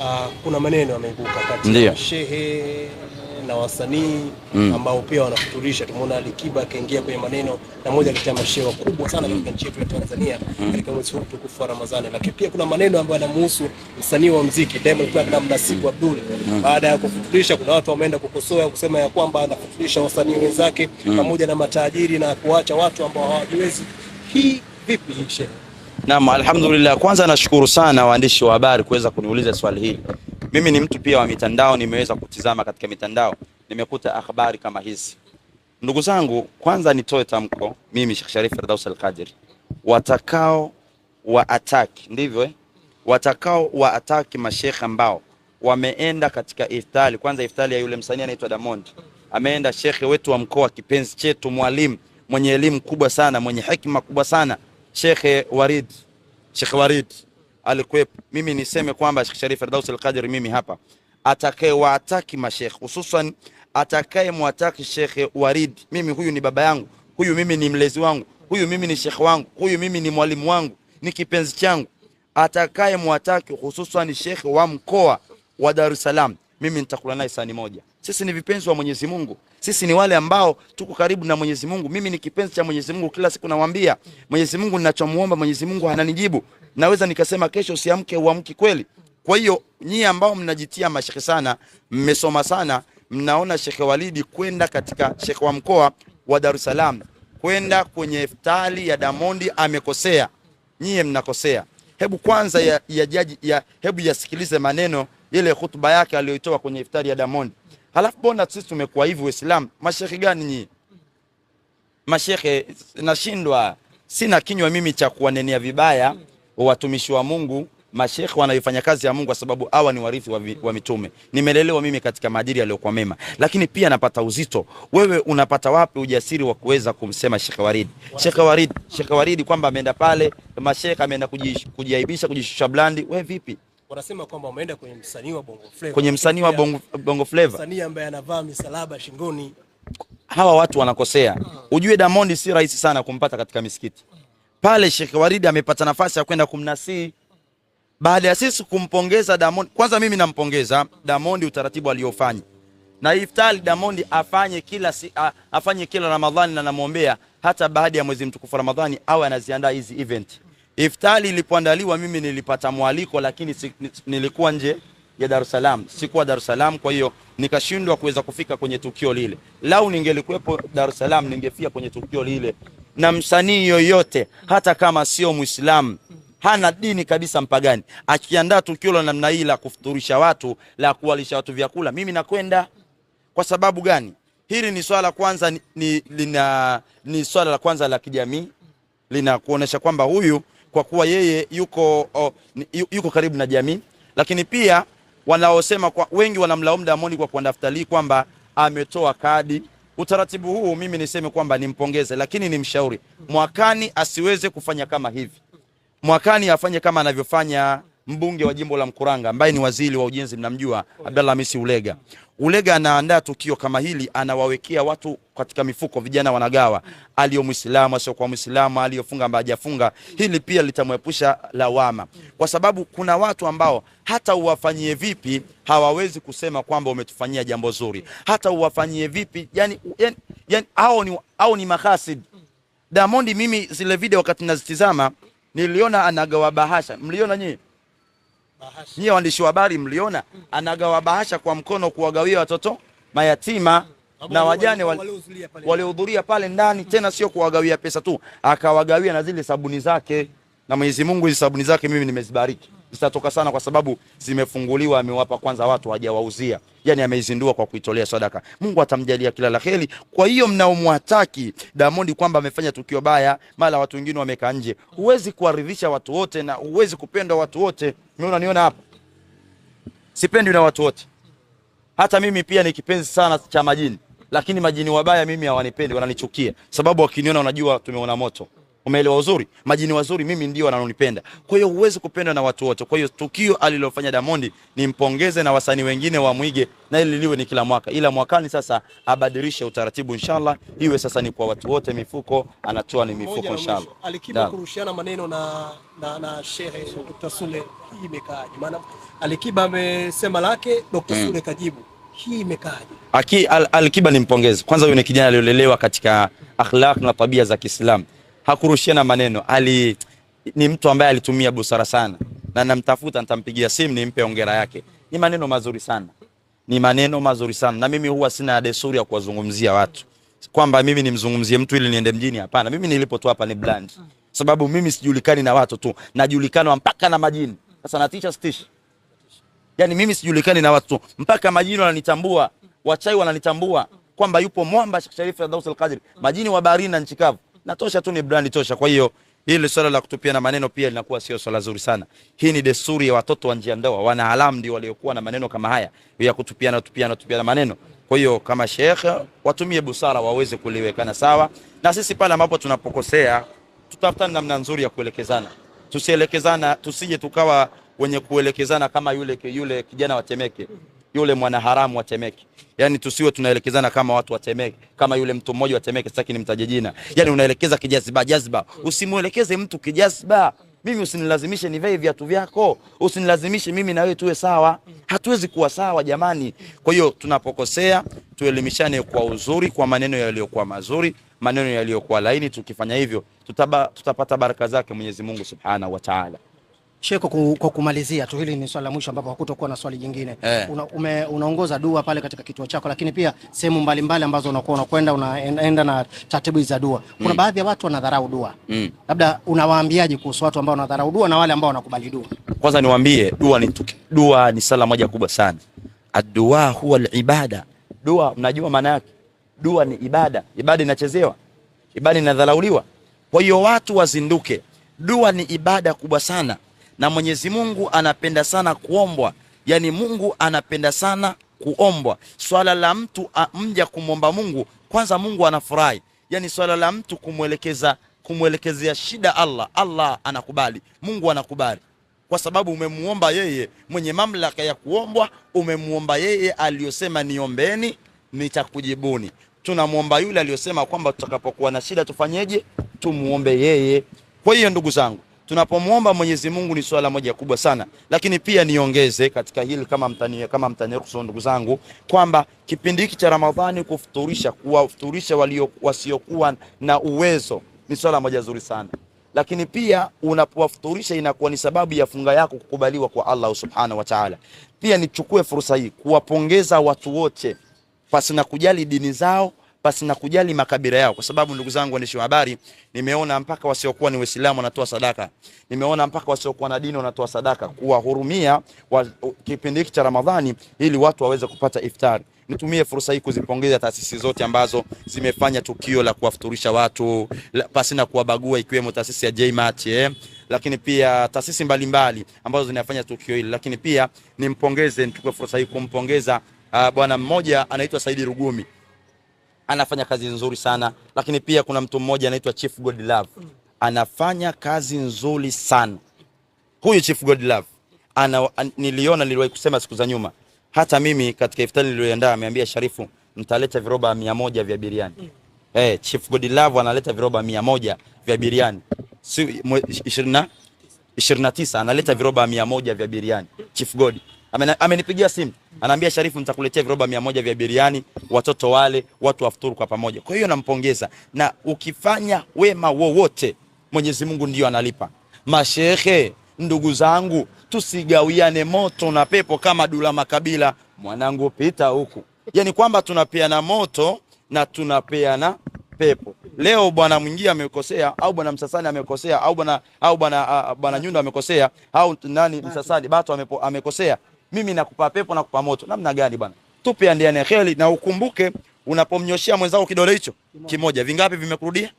Uh, kuna maneno yameibuka kati ya shehe na wasanii mm, ambao pia wanafuturisha. Tumeona Alikiba akaingia kwenye maneno na moja kati ya mashehe wakubwa sana katika nchi yetu ya Tanzania mm. katika mwezi huu mtukufu wa Ramadhani, lakini pia kuna maneno ambayo yanamhusu msanii wa muziki Diamond Platnumz Nasibu Abdul. Mm. Baada ya kufuturisha, kuna watu wameenda kukosoa kusema ya kwamba anafuturisha wasanii wenzake mm. pamoja na matajiri na kuacha watu ambao hawajiwezi. Hii vipi shehe? Naam, alhamdulillah. Kwanza nashukuru sana waandishi wa habari kuweza kuniuliza swali hili. Mimi ni mtu pia wa mitandao, nimeweza kutizama katika mitandao, nimekuta habari kama hizi. Ndugu zangu, kwanza nitoe tamko, mimi Sheikh Sharif Firdaus Al-Qadir, watakao wa attack ndivyo eh? watakao wa attack mashekhe ambao wameenda katika iftari, kwanza iftari ya yule msanii anaitwa Diamond, ameenda shekhe wetu wa mkoa, kipenzi chetu, mwalimu mwenye elimu kubwa sana, mwenye hekima kubwa sana Shekhe Warid, Shekhe Warid alikuwepo. Mimi niseme kwamba Shekhe Sharif Ardaus al mimi hapa atakayewataki mashekh hususan mwataki Shekhe Warid, mimi huyu ni baba yangu, huyu mimi ni mlezi wangu, huyu mimi ni shekhe wangu, huyu mimi ni mwalimu wangu, ni kipenzi changu. mwataki hususan shekhe wa mkoa wa Dar es Salaam, mimi nitakula naye sahani moja. Sisi ni vipenzi wa Mwenyezi Mungu, sisi ni wale ambao tuko karibu na Mwenyezi Mungu. Mimi ni kipenzi cha Mwenyezi Mungu, kila siku nawaambia Mwenyezi Mungu ninachomuomba Mwenyezi Mungu ananijibu. Naweza nikasema kesho usiamke, uamki kweli. Kwa hiyo nyie ambao mnajitia mashekhe sana, mmesoma sana, mnaona Shekhe Walidi kwenda katika shekhe wa mkoa wa Dar es Salaam kwenda kwenye iftari ya Damondi amekosea. Nyie mnakosea. Hebu kwanza ya, ya, ya, hebu yasikilize maneno ile hotuba yake aliyoitoa kwenye iftari ya Damondi. Alafu mbona sisi tumekuwa hivi Uislamu? mashehe gani nyi? Mashehe nashindwa, sina kinywa mimi cha kuwanenea vibaya watumishi wa Mungu, mashehe wanaifanya kazi ya Mungu, kwa sababu hawa ni warithi wa, wa mitume. Nimelelewa mimi katika maadili yaliyokuwa mema, lakini pia napata uzito. Wewe unapata wapi ujasiri wa kuweza kumsema Sheikh Waridi, Sheikh Waridi, Sheikh Waridi kwamba ameenda pale, mashehe ameenda kujiaibisha, kujishusha blandi? Wewe vipi? wanasema kwamba wameenda kwenye msanii wa Bongo Flava, kwenye msanii wa Bongo, Bongo Flava, msanii ambaye anavaa misalaba shingoni. Hawa watu wanakosea. Ujue Diamond si rahisi sana kumpata katika misikiti pale. Sheikh Waridi amepata nafasi ya kwenda kumnasii baada ya sisi kumpongeza Diamond. Kwanza mimi nampongeza Diamond utaratibu aliofanya na iftari Diamond afanye kila si, a, afanye kila Ramadhani na namwombea hata baada ya mwezi mtukufu Ramadhani awe anaziandaa hizi event. Iftari ilipoandaliwa mimi nilipata mwaliko, lakini si, nilikuwa nje ya Dar es Salaam, sikuwa Dar es Salaam, kwa hiyo nikashindwa kuweza kufika kwenye tukio lile. Lau ningelikuwepo Dar es Salaam, ningefia kwenye tukio lile. Na msanii yoyote hata kama sio Muislamu, hana dini kabisa, mpagani, akiandaa tukio la namna hii la kufuturisha watu, la kuwalisha watu vyakula, mimi nakwenda. Kwa sababu gani? Hili ni swala kwanza, ni, ni, lina, ni swala la kwanza la kijamii, linakuonesha kwamba huyu kwa kuwa yeye yuko, o, yuko karibu na jamii, lakini pia wanaosema kwa, wengi wanamlaumu Damoni kwa kuandaa kwamba ametoa kadi. Utaratibu huu mimi niseme kwamba nimpongeze, lakini nimshauri mwakani asiweze kufanya kama hivi. Mwakani afanye kama anavyofanya mbunge wa jimbo la Mkuranga ambaye ni waziri wa ujenzi, mnamjua Abdalla Hamisi Ulega. Ulega anaandaa tukio kama hili, anawawekea watu katika mifuko, vijana wanagawa, aliyo Muislamu kwa Muislamu, aliyofunga ambaye hajafunga. Hili pia litamwepusha lawama, kwa sababu kuna watu ambao hata uwafanyie vipi hawawezi kusema kwamba umetufanyia jambo zuri, hata uwafanyie vipi yani, yani, yani, au ni, au ni mahasid. Diamond, mimi zile video wakati nazitizama niliona anagawa bahasha, mliona nyinyi Nyie waandishi wa habari mliona anagawa bahasha kwa mkono kuwagawia watoto mayatima hmm. na wajane waliohudhuria pale ndani, tena sio kuwagawia pesa tu, akawagawia na zile sabuni zake. Na Mwenyezi Mungu hizi sabuni zake mimi nimezibariki zitatoka sana, kwa sababu zimefunguliwa, amewapa kwanza watu hawajawauzia, yani ameizindua kwa kuitolea sadaka. Mungu atamjalia kila la heri. Kwa hiyo mnaomwataki Diamond kwamba amefanya tukio baya, mara watu wengine wamekaa nje, huwezi kuwaridhisha watu wote na huwezi kupendwa watu wote. niona hapa, sipendwi na watu wote. Hata mimi pia ni kipenzi sana cha majini, lakini majini wabaya mimi hawanipendi, wananichukia, sababu wakiniona wanajua tumeona moto. Umeelewa uzuri? Majini wazuri mimi ndio wanaonipenda. Kwa hiyo huwezi kupendwa na watu wote. Kwa hiyo tukio alilofanya Diamond nimpongeze na wasanii wengine wa mwige na ili liwe ni kila mwaka. Ila mwakani sasa abadilishe utaratibu inshallah. Iwe sasa ni kwa watu wote mifuko anatoa ni mifuko inshallah. Alikipa kurushiana maneno na na, na Shehe Dr. Sule hii imekaaje? Maana Alikiba amesema lake Dr. Mm. Sule kajibu. Hii imekaaje? al, Alikiba nimpongeze. Kwanza ni kijana aliolelewa katika akhlaq na tabia za Kiislamu hakurushiana maneno, ali ni mtu ambaye alitumia busara sana, na namtafuta, nitampigia simu nimpe ongera yake. Ni maneno mazuri sana, ni maneno mazuri sana. Na mimi huwa sina desturi ya kuwazungumzia watu kwamba mimi nimzungumzie mtu ili niende mjini. Hapana, mimi nilipo tu hapa ni blind, sababu mimi sijulikani na watu tu, najulikana mpaka na majini. Sasa na teacher stish, yani mimi sijulikani na watu mpaka majini wananitambua, wachai wananitambua kwamba yupo mwamba Sheikh Sharifu Firdaus Al-Qadri, majini wa baharini na nchi kavu natosha tu, ni brand tosha. Kwa hiyo hili swala la kutupia na maneno pia linakuwa sio swala zuri sana. Hii ni desturi ya watoto wa njia ndoa, wana haramu ndio waliokuwa na maneno kama haya ya kutupia kutupia na na kutupia na maneno. Kwa hiyo kama Sheikh watumie busara waweze kuliwekana sawa, na sisi pale ambapo tunapokosea tutafutane namna nzuri ya kuelekezana, tusielekezana, tusije tukawa wenye kuelekezana kama yule yule kijana wa Temeke yule mwanaharamu wa Temeke. Yaani tusiwe tunaelekezana kama watu wa Temeke, kama yule mtu mmoja wa Temeke, sitaki nimtaje jina. Yaani unaelekeza kijaziba jaziba. Usimuelekeze mtu kijaziba. Mimi usinilazimishe nivae viatu vyako, usinilazimishe mimi na wewe tuwe sawa. Hatuwezi kuwa sawa jamani. Kwa hiyo tunapokosea tuelimishane kwa uzuri, kwa maneno yaliyokuwa mazuri, maneno yaliyokuwa laini. Tukifanya hivyo tutaba, tutapata baraka zake Mwenyezi Mungu Subhanahu wa Ta'ala. Sheko, kwa kumalizia tu, hili ni swali la mwisho ambapo hakutakuwa na swali jingine eh. Una, ume, unaongoza dua pale katika kituo chako, lakini pia sehemu mbalimbali ambazo unakuwa unakwenda unaenda na taratibu za dua, kuna mm. baadhi ya watu wanadharau dua mm. labda unawaambiaje kuhusu watu ambao wanadharau dua na wale ambao wanakubali dua? Kwanza niwaambie dua ni tuki, dua ni sala moja kubwa sana. Adua huwa alibada, dua mnajua maana yake, dua ni ibada. Ibada inachezewa, ibada inadharauliwa. Kwa hiyo watu wazinduke, dua ni ibada kubwa sana na Mwenyezi Mungu anapenda sana kuombwa, yaani Mungu anapenda sana kuombwa. Swala la mtu mja kumwomba Mungu, kwanza Mungu anafurahi. Yaani swala la mtu kumwelekeza kumwelekezea shida Allah, Allah anakubali, Mungu anakubali kwa sababu umemuomba yeye mwenye mamlaka ya kuombwa, umemuomba yeye aliyosema niombeni nitakujibuni. Tunamwomba yule aliyosema kwamba tutakapokuwa na shida tufanyeje? Tumuombe yeye. Kwa hiyo ndugu zangu tunapomwomba Mwenyezi Mungu ni swala moja kubwa sana, lakini pia niongeze katika hili kama mtani kama mtaniruhusu, ndugu zangu, kwamba kipindi hiki cha Ramadhani kufuturisha, kuwafuturisha walio wasiokuwa na uwezo ni swala moja zuri sana, lakini pia unapowafuturisha inakuwa ni sababu ya funga yako kukubaliwa kwa Allah subhanahu wa ta'ala. Pia nichukue fursa hii kuwapongeza watu wote pasina kujali dini zao pasi na kujali makabila yao, kwa sababu ndugu zangu waandishi wa habari, nimeona mpaka wasiokuwa ni Waislamu wanatoa sadaka, nimeona mpaka wasiokuwa na dini wanatoa sadaka, kuwahurumia kipindi hiki cha Ramadhani ili watu waweze kupata iftari. Nitumie fursa hii kuzipongeza taasisi zote ambazo zimefanya tukio la kuwafuturisha watu pasi na kuwabagua, ikiwemo taasisi ya JMAT eh, lakini pia taasisi mbalimbali ambazo zinafanya tukio hili, lakini pia nimpongeze, nichukue fursa hii kumpongeza uh, bwana mmoja anaitwa Saidi Rugumi anafanya kazi nzuri sana, lakini pia kuna mtu mmoja anaitwa Chief love anafanya kazi nzuri sana. Huyu Chief Godlove ana, an, niliona niliwahi kusema siku za nyuma, hata mimi katika iftari niliyoandaa ameambia Sharifu, mtaleta viroba 100 vya biriani mm. Eh, Chief love analeta viroba 100 vya biriani si, ishirini na analeta viroba 100 vya biriani Chief God amenipigia simu anaambia, Sharifu, nitakuletea viroba mia moja vya biriani, watoto wale, watu wafuturu kwa pamoja. Kwa hiyo nampongeza, na ukifanya wema wowote Mwenyezi Mungu ndiyo analipa. Mashehe, ndugu zangu, tusigawiane moto na pepo kama Dula Makabila, mwanangu pita huku, yani kwamba tunapeana moto na tunapeana pepo. Leo bwana mwingi amekosea au bwana Msasani amekosea au bwana au bwana ah, bwana Nyundo amekosea au nani Msasani Bato amekosea mimi nakupa pepo na kupa moto. Namna gani bwana? Tupe andiane kheri na ukumbuke unapomnyoshia mwenzako kidole hicho kimoja, vingapi vimekurudia?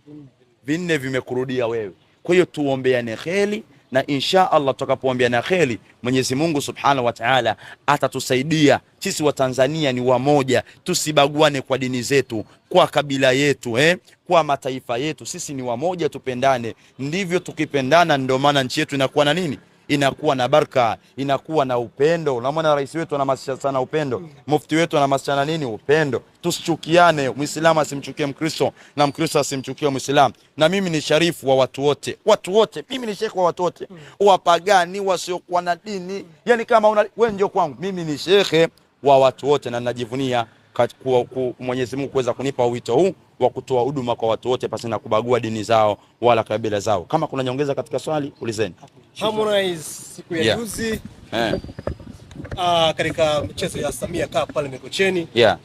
Vinne vimekurudia wewe. Kwa hiyo tuombeane kheri na insha Allah tutakapoambiana kheri, Mwenyezi Mungu Subhanahu wa Ta'ala atatusaidia sisi. Watanzania ni wamoja, tusibaguane kwa dini zetu, kwa kabila yetu eh, kwa mataifa yetu. Sisi ni wamoja, tupendane. Ndivyo tukipendana, ndio maana nchi yetu inakuwa na nini inakuwa na baraka, inakuwa na upendo. Unamwona rais wetu anahamasisha sana upendo, mufti wetu anahamasisha na nini? Upendo. Tusichukiane, Muislamu asimchukie Mkristo na Mkristo asimchukie Muislamu. Na mimi ni sharifu wa watu wote, watu wote, mimi ni shekhe wa watu wote, wapagani, wasiokuwa na dini. Yani kama una wewe ndio kwangu, mimi ni shekhe wa watu wote na ninajivunia Mwenyezi Mungu kuweza kunipa wito huu wa kutoa huduma kwa watu wote pasi na kubagua dini zao wala kabila zao. Kama kuna nyongeza katika swali ulizeni. Harmonize siku ya juzi yeah. eh. Yeah. Uh, katika mchezo ya Samia Cup pale Mikocheni yeah.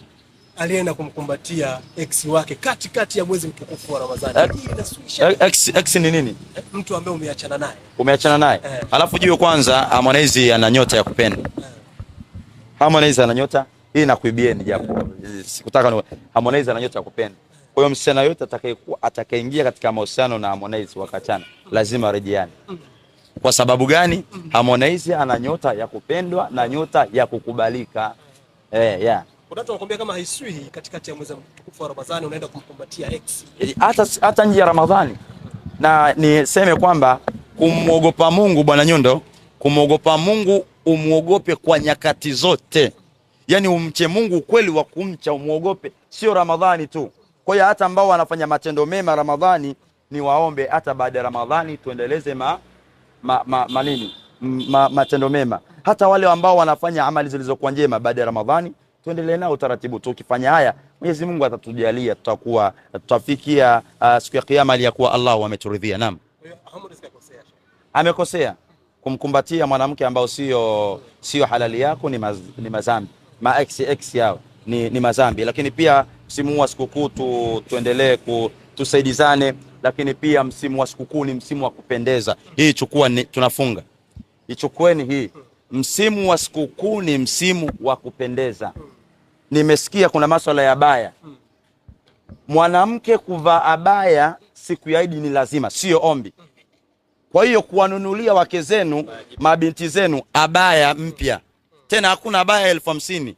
alienda kumkumbatia ex wake kati kati ya mwezi mtukufu wa Ramadhani. Eh, eh, ex ex ni nini? Mtu ambaye umeachana naye umeachana naye eh. Alafu jiwe kwanza Harmonize ana nyota ya kupenda eh. Harmonize ana nyota hii, nakuibieni japo sikutaka. ni Harmonize ana nyota ya kupenda kwa hiyo msichana yote atakayekuwa atakayeingia katika mahusiano na Harmonize wakachana, lazima rejeane. Kwa sababu gani? Harmonize ana nyota ya kupendwa na nyota ya kukubalika. Eh, yeah. Hata hata nje ya Ramadhani na niseme kwamba kumwogopa Mungu, Bwana Nyundo, kumwogopa Mungu umwogope kwa nyakati zote, yaani umche Mungu ukweli wa kumcha umwogope, sio Ramadhani tu. Kwa hiyo hata ambao wanafanya matendo mema Ramadhani ni waombe hata baada ya Ramadhani tuendeleze ma, ma, ma, manini ma, matendo mema. Hata wale ambao wanafanya amali zilizokuwa njema baada ya Ramadhani tuendelee nao utaratibu. Tukifanya haya, Mwenyezi Mungu atatujalia, tutakuwa tutafikia uh, siku ya kiyama ya kuwa Allah ameturidhia. Naam, amekosea kumkumbatia mwanamke ambao sio sio halali yako, ni, maz, ni mazambi ma xx yao ni, ni madhambi. Lakini pia msimu wa sikukuu tu, tuendelee tusaidizane, lakini pia msimu wa sikukuu ni msimu wa kupendeza. Hii chukua ni, tunafunga ichukueni hii. Msimu wa sikukuu ni msimu wa kupendeza. Nimesikia kuna maswala ya abaya, mwanamke kuvaa abaya siku ya Idi ni lazima, sio ombi. Kwa hiyo kuwanunulia wake zenu mabinti zenu abaya mpya, tena hakuna abaya elfu hamsini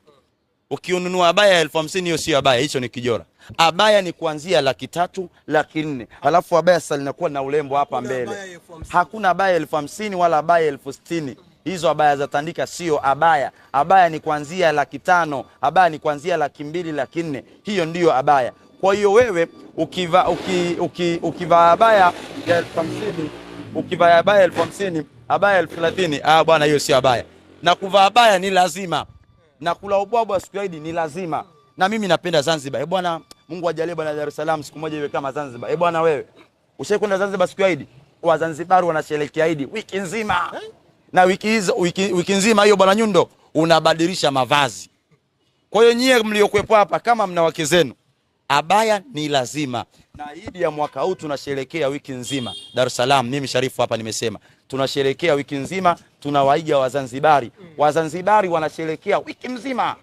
Ukinunua abaya ya elfu hamsini hiyo sio abaya, hicho ni kijora. Abaya ni kuanzia laki tatu laki nne alafu abaya sasa linakuwa na urembo hapa mbele. Hakuna abaya ya elfu hamsini wala abaya ya elfu sitini hizo abaya za tandika sio abaya. Abaya ni kuanzia laki tano abaya ni kuanzia laki mbili laki nne hiyo ndiyo abaya. Kwa hiyo wewe ukiva uki, uki, ukiva abaya ya elfu hamsini ukivaa abaya elfu hamsini abaya elfu thelathini ah, bwana, hiyo sio abaya, na kuvaa abaya ni lazima na kula ubwabwa siku ya Idi ni lazima, na mimi napenda Zanzibar. Eh bwana, Mungu ajalie bwana Dar es Salaam siku moja iwe kama Zanzibar. Eh bwana, wewe Ushaikwenda Zanzibar siku ya Idi? Wazanzibari wanasherehekea Idi wiki nzima na wiki hizo wiki, wiki nzima hiyo bwana Nyundo unabadilisha mavazi. Kwa hiyo nyie mliokuepo hapa kama mna wake zenu abaya ni lazima, na Idi ya mwaka huu tunasherekea wiki nzima Dar es Salaam. Mimi Sharifu hapa nimesema tunasherekea wiki nzima tunawaiga Wazanzibari. Wazanzibari wanasherekea wiki mzima.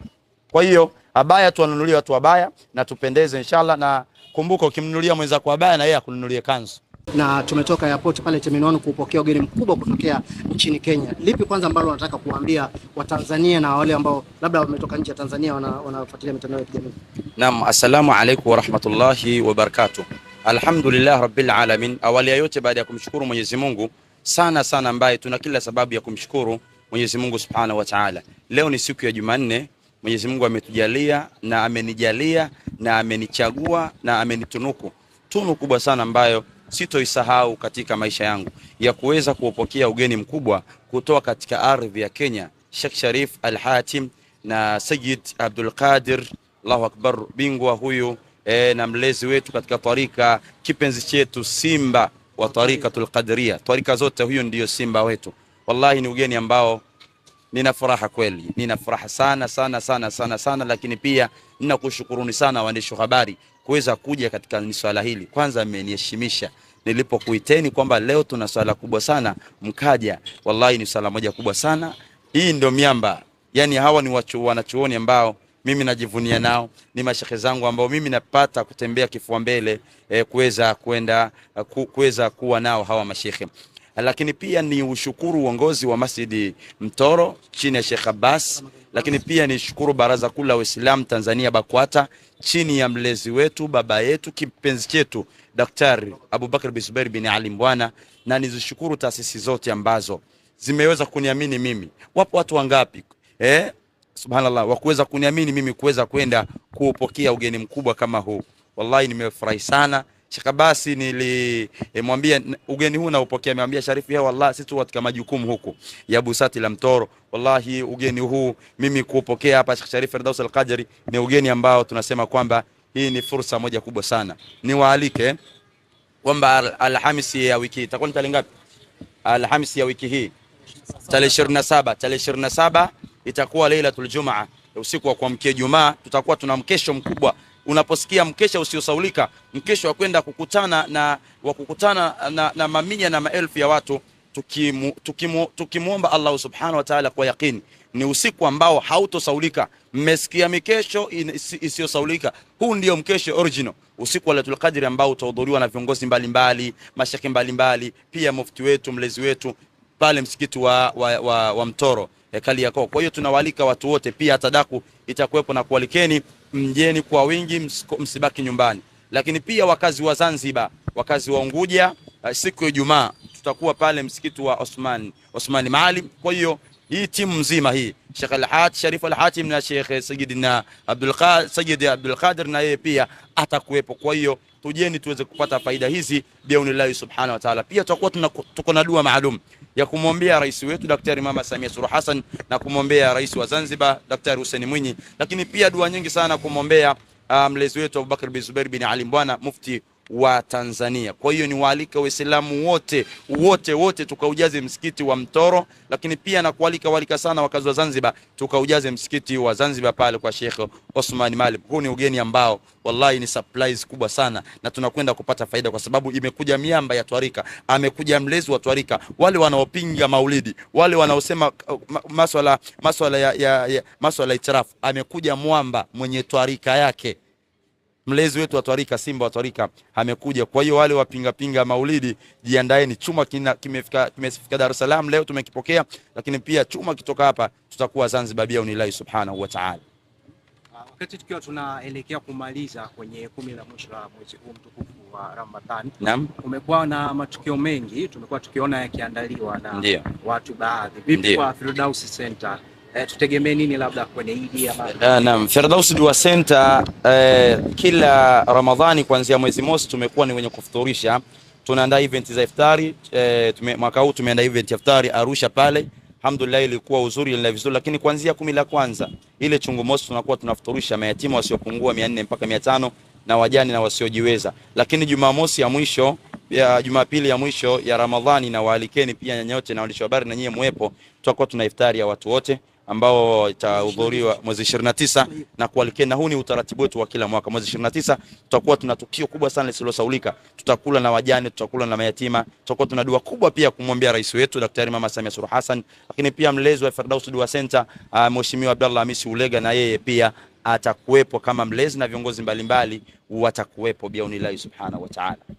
Kwa hiyo abaya tuwanunulie watu wabaya na tupendeze inshallah. Na kumbuka, ukimnunulia kwa abaya na yeye akununulie kanzu na tumetoka airport pale Terminal One ugeni mkubwa kutokea nchini Kenya. Lipi kwanza ambalo wanataka kuambia Watanzania na wale ambao labda wametoka nje ya Tanzania wanafuatilia mitandao ya kijamii? Naam, assalamu alaykum wa rahmatullahi wa barakatuh. Alhamdulillah rabbil alamin. Awali ya yote, baada ya kumshukuru Mwenyezi Mungu sana sana ambaye tuna kila sababu ya kumshukuru Mwenyezi Mungu Subhanahu wa Ta'ala. Leo ni siku ya Jumanne, Mwenyezi Mungu ametujalia na amenijalia na amenichagua na amenitunuku tunu kubwa sana ambayo sitoisahau katika maisha yangu ya kuweza kuupokea ugeni mkubwa kutoka katika ardhi ya Kenya, Sheikh Sharif Al-Hatim na Sayyid Abdul Qadir, Allahu Akbar, bingwa huyu e, na mlezi wetu katika tarika, kipenzi chetu Simba wa tarikatul qadriya, tarika zote. Huyo ndiyo Simba wetu. Wallahi ni ugeni ambao nina furaha kweli, nina furaha sana sana sana sana sana, lakini pia ninakushukuruni sana waandishi wa habari kuweza kuja katika swala hili. Kwanza mmeniheshimisha nilipokuiteni kwamba leo tuna swala kubwa sana, mkaja. Wallahi ni swala moja kubwa sana. Hii ndio miamba, yani hawa ni wanachuoni ambao mimi najivunia nao, ni mashehe zangu ambao mimi napata kutembea kifua mbele eh, kuweza kwenda eh, kuweza kuwa nao hawa mashehe lakini pia ni ushukuru uongozi wa Masjidi Mtoro chini ya Sheikh Abbas, lakini pia ni shukuru Baraza Kuu la Waislamu Tanzania BAKWATA chini ya mlezi wetu baba yetu kipenzi chetu Daktari Abubakar bin Zubair bin Ali Mbwana, na nizishukuru taasisi zote ambazo zimeweza kuniamini mimi. Wapo watu wangapi eh? subhanallah, wa kuweza kuniamini mimi kuweza kwenda kuupokea ugeni mkubwa kama huu. Wallahi nimefurahi sana. Sheikh Abbas nilimwambia eh, e, ugeni huu naupokea, amemwambia Sharifu, ya wallahi sisi tu katika majukumu huku ya busati la Mtoro. Wallahi ugeni huu mimi kuupokea hapa Sheikh Sharifu Firdaus al-Qadri ni ugeni ambao tunasema kwamba hii ni fursa moja kubwa sana. Niwaalike kwamba Alhamisi ya wiki itakuwa ni tarehe ngapi? Alhamisi ya wiki hii tarehe 27, tarehe 27 itakuwa Lailatul Jumaa, usiku wa kuamkia Jumaa. Tutakuwa tuna mkesho mkubwa, unaposikia mkesha usiosaulika, mkesho wa kwenda kukutana na wa kukutana na, na mamia na maelfu ya watu tukimu, tukimu, tukimuomba Allah subhanahu wa ta'ala kwa yakini ni usiku ambao hautosaulika. Mmesikia mikesho isiyosaulika, huu ndio mkesho original, usiku wa Lailatul Qadri ambao utahudhuriwa na viongozi mbalimbali, mashekhe mbalimbali, pia mufti wetu mlezi wetu pale msikiti wa, wa, wa, wa Mtoro eh, Kariakoo. Kwa hiyo tunawaalika watu wote, pia hata daku itakuwepo na kualikeni, mjeni kwa wingi, msibaki nyumbani. Lakini pia wakazi wa Zanzibar, wakazi wa Unguja, eh, siku ya Ijumaa tutakuwa pale msikiti wa Osman Osmani Maalim. Kwa hiyo hii timu mzima hii Sheikh al hat Sharif Al-Hatim na Sheikh Sayyidina Abdul Qadir Sajid Abdul Qadir na yeye pia atakuwepo. Kwa hiyo tujeni tuweze kupata faida hizi biaunillahi subhanahu wa ta'ala. Pia tutakuwa tuko na dua maalum ya kumwombea rais wetu Daktari Mama Samia Suluhu Hassan na kumwombea rais wa Zanzibar Daktari Hussein Mwinyi, lakini pia dua nyingi sana kumwombea ah, mlezi um, wetu Abubakar bin Zubair bin Ali Mbwana mufti wa Tanzania. Kwa hiyo niwaalika Waislamu wote wote wote tukaujaze msikiti wa Mtoro, lakini pia nakualika walika sana wakazi wa Zanzibar tukaujaze msikiti wa Zanzibar pale kwa Sheikh Osman Malim. Huu ni ugeni ambao wallahi ni surprise kubwa sana, na tunakwenda kupata faida kwa sababu imekuja miamba ya twarika, amekuja mlezi wa twarika, wale wanaopinga maulidi, wale wanaosema uh, masuala masuala ya, ya, ya masuala itirafu, amekuja mwamba mwenye twarika yake mlezi wetu twarika Simba twarika amekuja. Kwa hiyo wale wapingapinga maulidi jiandaeni, chuma kimefika kimefika Dar es Salaam leo tumekipokea, lakini pia chuma kitoka hapa tutakuwa Zanzibar bia unilahi subhanahu wa ta'ala. Wakati tukiwa tunaelekea kumaliza kwenye kumi la mwisho la mwezi huu mtukufu wa Ramadhani, kumekuwa na matukio mengi tumekuwa tukiona yakiandaliwa na Ndiyo. watu baadhi. Vipi kwa Firdaus Center eh, tutegemee nini labda kwenye Idi ama? Eh, naam, Firdaus Dua Center eh, kila Ramadhani kuanzia mwezi mosi tumekuwa ni wenye kufuturisha, tunaandaa event za iftari eh, tume, mwaka huu tumeandaa event ya iftari Arusha pale Alhamdulillah ilikuwa uzuri na vizuri, lakini kuanzia kumi la kwanza ile chungu mosi tunakuwa tunafuturisha mayatima wasiopungua 400 mpaka 500 na wajani na wasiojiweza. Lakini Jumamosi ya mwisho ya Jumapili ya mwisho ya Ramadhani na waalikeni pia nyanyote na waandishi wa habari na nyie muepo, tutakuwa tuna iftari ya watu wote ambao itahudhuriwa mwezi 29 na kualikia, na huu ni utaratibu wetu wa kila mwaka. Mwezi 29 tutakuwa tuna tukio kubwa sana lisilosaulika, tutakula na wajane, tutakula na mayatima, tutakuwa tuna dua kubwa pia kumwombea rais wetu Daktari Mama Samia Suluhu Hassan, lakini pia mlezi wa Firdaus Dua Center uh, Mheshimiwa Abdallah Hamisi Ulega na yeye pia atakuwepo kama mlezi na viongozi mbalimbali watakuwepo biaunillahi subhanahu wa ta'ala.